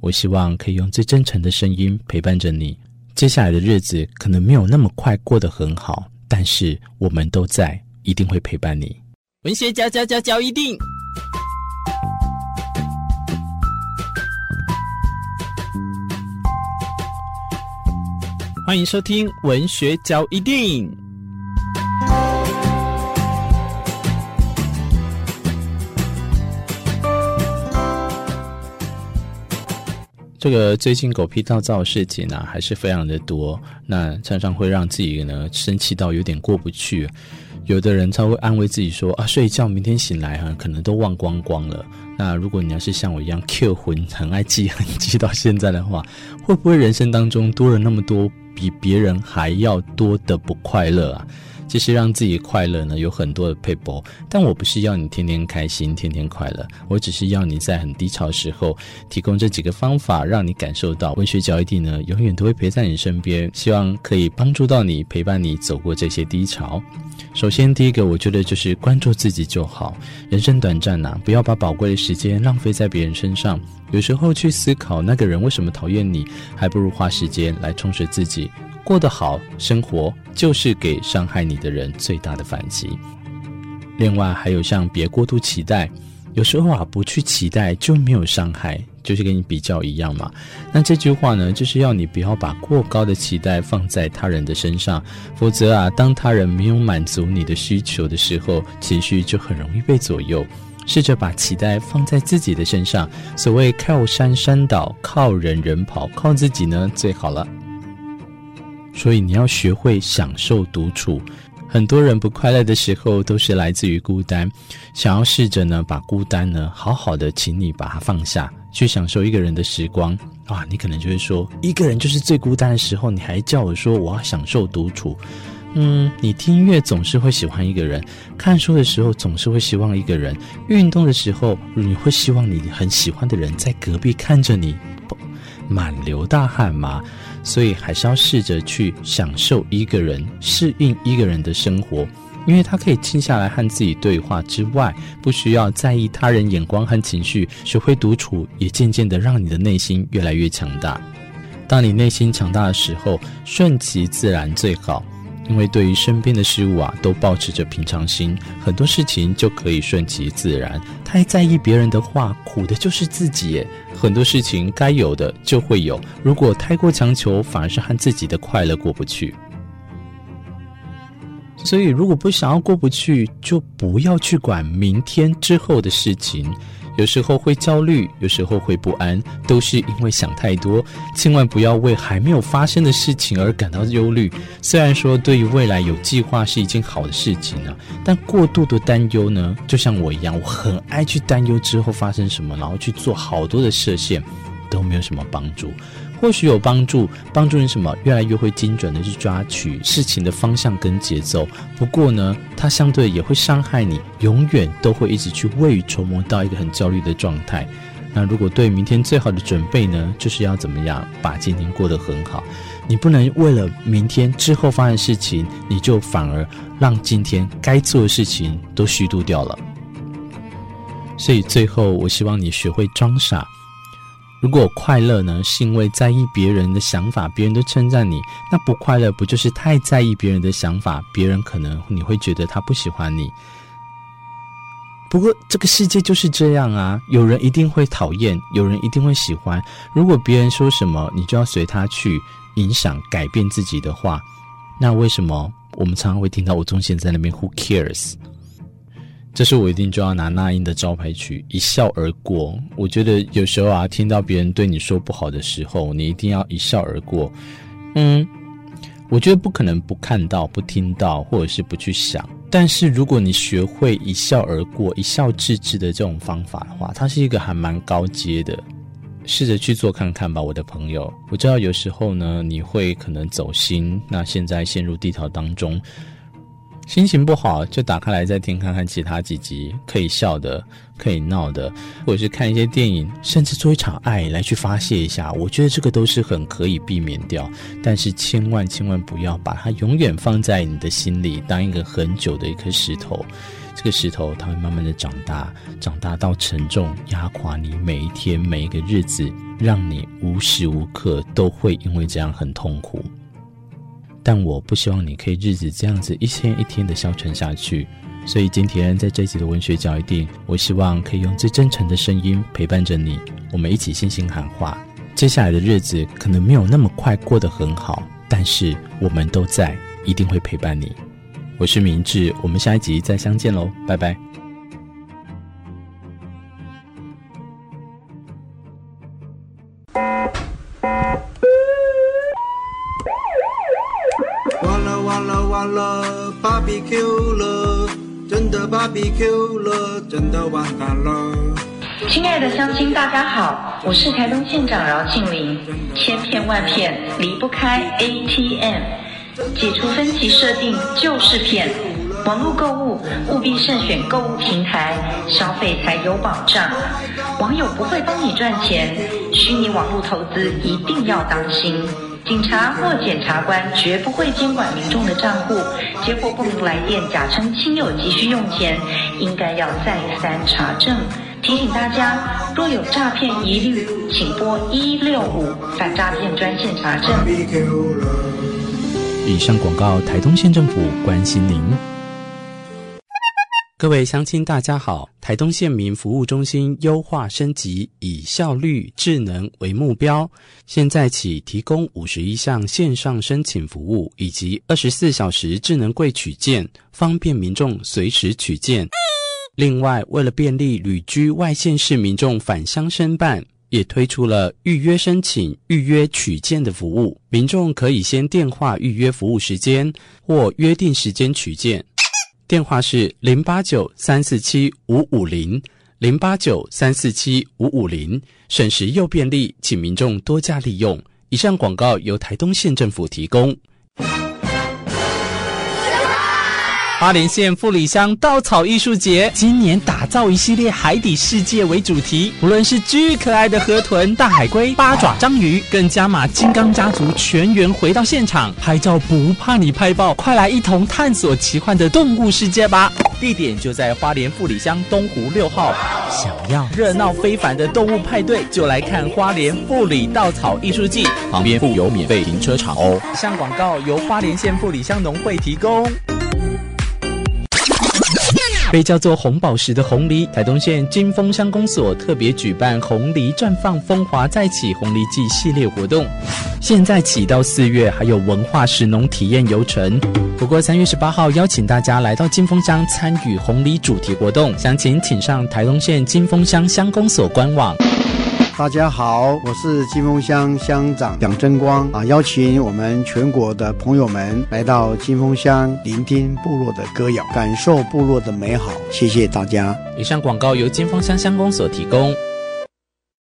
我希望可以用最真誠的聲音陪伴着你。接下來的日子可能沒有那麼快過得很好，但是我們都在，一定會陪伴你。文嚼家，家家教一定！歡迎收聽《文嚼教一定》。這個最近狗屁倒灶的事情啊，還是非常的多，那常常會讓自己呢生氣到有點過不去。有的人他會安慰自己說啊，睡一覺，明天醒來哈，可能都忘光光了。那如果你要是像我一樣 Q 魂，很愛記恨，記到現在的話，會不會人生當中多了那麼多比別人還要多的不快樂啊？其實讓自己快樂呢，有很多的撇步，但我不是要你天天開心，天天快樂，我只是要你在很低潮的時候提供這幾個方法，讓你感受到文學嚼一地呢，永遠都會陪在你身邊，希望可以幫助到你，陪伴你走過這些低潮。首先，第一個我覺得就是關注自己就好，人生短暫吶、啊，不要把寶貴的時間浪費在別人身上，有時候去思考那個人為什麼討厭你，還不如花時間來充實自己。過得好，生活就是給傷害你的人最大的反擊。另外還有像別過度期待，有時候啊，不去期待就沒有傷害，就是跟你比較一樣嘛。那這句話呢，就是要你不要把過高的期待放在他人的身上，否則啊，當他人沒有滿足你的需求的時候，情緒就很容易被左右。試着把期待放在自己的身上，所謂靠山山倒，靠人人跑，靠自己呢最好了。所以你要學會享受獨處。很多人不快樂的時候都是來自於孤單，想要試着呢把孤單呢好好的，請你把它放下，去享受一個人的時光啊！你可能就會說，一個人就是最孤單的時候，你還叫我說我要享受獨處？嗯，你聽音樂總是會喜歡一個人，看書的時候總是會希望一個人，運動的時候你會希望你很喜歡的人在隔壁看着你不滿流大汗嗎？所以還是要試着去享受一個人、適應一個人的生活，因為他可以靜下來和自己對話之外，不需要在意他人眼光和情緒，學會獨處，也漸漸的讓你的內心越來越強大。當你內心強大的時候，順其自然最好。因為對於身邊的事物啊，都保持着平常心，很多事情就可以順其自然。太在意別人的話，苦的就是自己。很多事情該有的就會有，如果太過強求，反而是和自己的快樂過不去。所以，如果不想要過不去，就不要去管明天之後的事情。有時候會焦慮，有時候會不安，都是因為想太多。千萬不要為還沒有發生的事情而感到憂慮。雖然說對於未來有計劃是一件好的事情呢，但過度的擔憂呢，就像我一樣，我很愛去擔憂之後發生什麼，然後去做好多的設限，都沒有什麼幫助。或許有幫助，幫助你什麼？越來越會精準的去抓取事情的方向跟節奏。不過呢，它相對也會傷害你，永遠都會一直去未雨綢繆到一個很焦慮的狀態。那如果對明天最好的準備呢，就是要怎麼樣把今天過得很好？你不能為了明天之後發生事情，你就反而讓今天該做的事情都虛度掉了。所以最後，我希望你學會裝傻。如果快樂呢，是因為在意別人的想法，別人都稱讚你，那不快樂不就是太在意別人的想法？別人可能你會覺得他不喜歡你。不過這個世界就是這樣啊，有人一定會討厭，有人一定會喜歡。如果別人說什麼，你就要隨他去影響改變自己的話，那為什麼我們常常會聽到吳宗憲在那邊 Who cares？這是我一定就要拿那英的招牌曲一笑而過。我覺得有時候啊，聽到別人對你說不好的時候，你一定要一笑而過。嗯，我覺得不可能不看到、不聽到，或者是不去想。但是如果你學會一笑而過、一笑置之的這種方法的話，它是一個還蠻高階的。試着去做看看吧，我的朋友。我知道有時候呢，你會可能走心，那現在陷入低潮當中。心情不好，就打開來再聽看看其他幾集，可以笑的，可以鬧的，或者是看一些電影，甚至做一場愛來去發洩一下。我覺得這個都是很可以避免掉，但是千萬千萬不要把它永遠放在你的心裡，當一個很久的一顆石頭。這個石頭它會慢慢的長大，長大到沉重，壓垮你每一天，每一個日子，讓你無時無刻都會因為這樣很痛苦。但我不希望你可以日子這樣子一天一天的消沉下去，所以今天在這集的文學角一定，我希望可以用最真誠的聲音陪伴着你，我們一起信心喊話。接下來的日子可能沒有那麼快過得很好，但是我們都在，一定會陪伴你。我是明志，我們下一集再相見嘍，拜拜。親愛的鄉親，大家好，我是台東縣長饒慶鈴。千騙萬騙離不開 ATM，解除分期設定就是騙。網絡購物務必慎選購物平台，消費才有保障。網友不會幫你賺錢，虛擬網絡投資一定要當心。警察或檢察官絕不會監管民眾的賬戶。結果不明來電，假稱親友急需用錢，應該要再三查證。提醒大家，若有詐騙疑慮，請撥一六五反詐騙專線查證。以上廣告，台東縣政府關心您。各位鄉親，大家好！台東縣民服務中心優化升級，以效率、智能為目標。現在起提供五十一項線上申請服務，以及二十四小時智能櫃取件，方便民眾隨時取件。嗯。另外，為了便利旅居外縣市民眾返鄉申辦，也推出了預約申請、預約取件的服務。民眾可以先電話預約服務時間，或約定時間取件。電話是零八九三四七五五零零八九三四七五五零，50, 50，省時又便利，請民眾多加利用。以上廣告由臺東縣政府提供。花蓮縣富里鄉稻草藝術節今年打造一系列海底世界為主題，無論是巨可愛的河豚、大海龜、八爪章魚，更加碼金剛家族全員回到現場拍照，不怕你拍爆！快來一同探索奇幻的動物世界吧！地點就在花蓮富里鄉東湖六號。想要熱鬧非凡的動物派對，就來看花蓮富里稻草藝術季，旁邊附有免費停車場哦。以上廣告由花蓮縣富里鄉農會提供。被叫做紅寶石的紅藜，台東縣金峰鄉公所特別舉辦紅藜綻放，風華再起紅藜季系列活動。現在起到四月，還有文化食農體驗遊程。不過三月十八號邀請大家來到金峰鄉參與紅藜主題活動，詳情請，請上台東縣金峰鄉鄉公所官網。大家好，我是金峰鄉鄉長蔣爭光啊，邀請我們全國的朋友們來到金峰鄉，聆聽部落的歌謠，感受部落的美好。謝謝大家。以上廣告由金峰鄉鄉公所提供。